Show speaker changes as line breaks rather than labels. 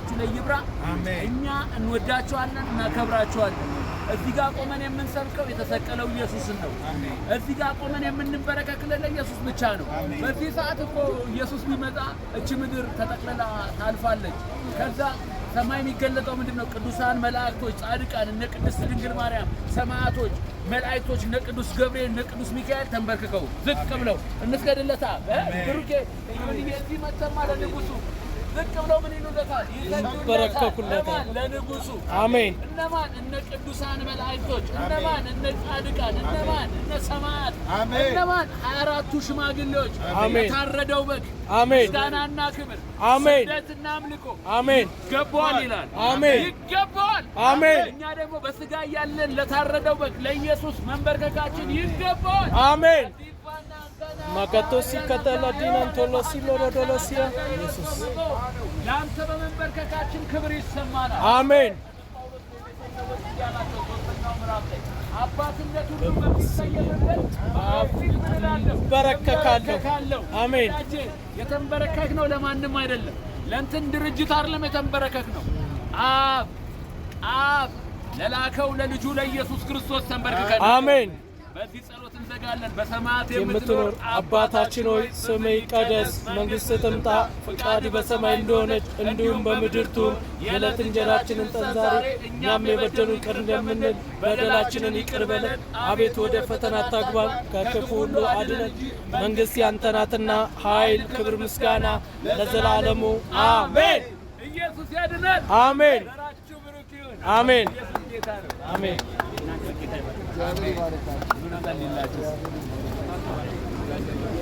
በህይወታችሁ ላይ ይብራ። እኛ እንወዳችኋለን፣ እናከብራችኋለን። እዚህ ጋር ቆመን የምንሰብከው የተሰቀለው ኢየሱስን ነው። እዚህ ጋር ቆመን የምንበረከክለው ኢየሱስ ብቻ ነው። በዚህ ሰዓት እኮ ኢየሱስ ቢመጣ እቺ ምድር ተጠቅልላ ታልፋለች። ከዛ ሰማይ የሚገለጠው ምንድን ነው? ቅዱሳን መላእክቶች፣ ጻድቃን፣ እነ ቅድስት ድንግል ማርያም፣ ሰማያቶች፣ መላእክቶች፣ እነ ቅዱስ ገብርኤል፣ እነ ቅዱስ ሚካኤል ተንበርክከው ዝቅ ብለው እንስገድለታ
ብሩኬ
እዚህ መተማ ለንጉሱ ዝቅ ብለው ምን ይሉለታል?
ይሰግዱለታል። ለንጉሱ አሜን።
እነማን? እነ ቅዱሳን መላእክቶች። እነማን? እነ ጻድቃን። እነማን? እነ ሰማዕት። እነማን? ሀያ አራቱ ሽማግሌዎች። የታረደው በግ። አሜን። ምስጋናና ክብር፣ አሜን። ስግደትና አምልኮ፣ አሜን። ይገባዋል ይላል። አሜን። ይገባዋል። አሜን። እኛ ደግሞ በስጋ እያለን ለታረደው በግ ለኢየሱስ መንበርከካችን ይገባዋል።
አሜን። አጋቶሲ ከተላዲን አንቶሎሲ ሎሮዶሎሲያ
ኢየሱስ ለአንተ በመንበርከካችን ክብር ይሰማናል። አሜን። በረከካለሁ። አሜን። የተንበረከክ ነው ለማንም አይደለም። ለእንትን ድርጅት አይደለም የተንበረከክ ነው። አብ አብ ለላከው ለልጁ ለኢየሱስ ክርስቶስ አሜን። በዚህ ጸሎት እንዘጋለን። በሰማያት የምትኖር
አባታችን ሆይ ስምህ ይቀደስ፣ መንግሥትህ ትምጣ፣ ፍቃድ በሰማይ እንደሆነች እንዲሁም በምድር ትሁን። የዕለት እንጀራችንን ስጠን ዛሬ፣ እኛም የበደሉን ይቅር እንደምንል በደላችንን ይቅር በለን፣ አቤቱ ወደ ፈተና አታግባን፣ ከክፉ ሁሉ አድነን። መንግስት ያንተ ናትና፣ ኃይል፣ ክብር፣ ምስጋና ለዘላለሙ አሜን።
ኢየሱስ ያድነን
አሜን። አሜን። చేశారు